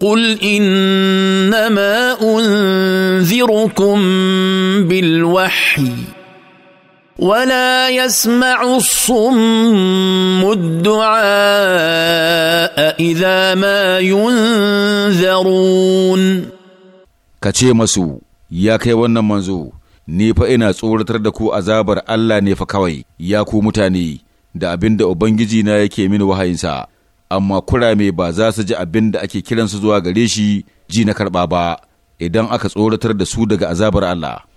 قل انما انذركم بالوحي ولا يسمع الصم الدعاء اذا ما ينذرون kace masu ya kai wannan manzo nefa ina tsoratar da ku azabar Allah ne fa kawai ya ku mutane da abinda ubangiji na yake mini wahayinsa amma kurame ba za su ji abin da ake kiransu zuwa gare shi ji na karɓa ba idan aka tsoratar da su daga azabar Allah.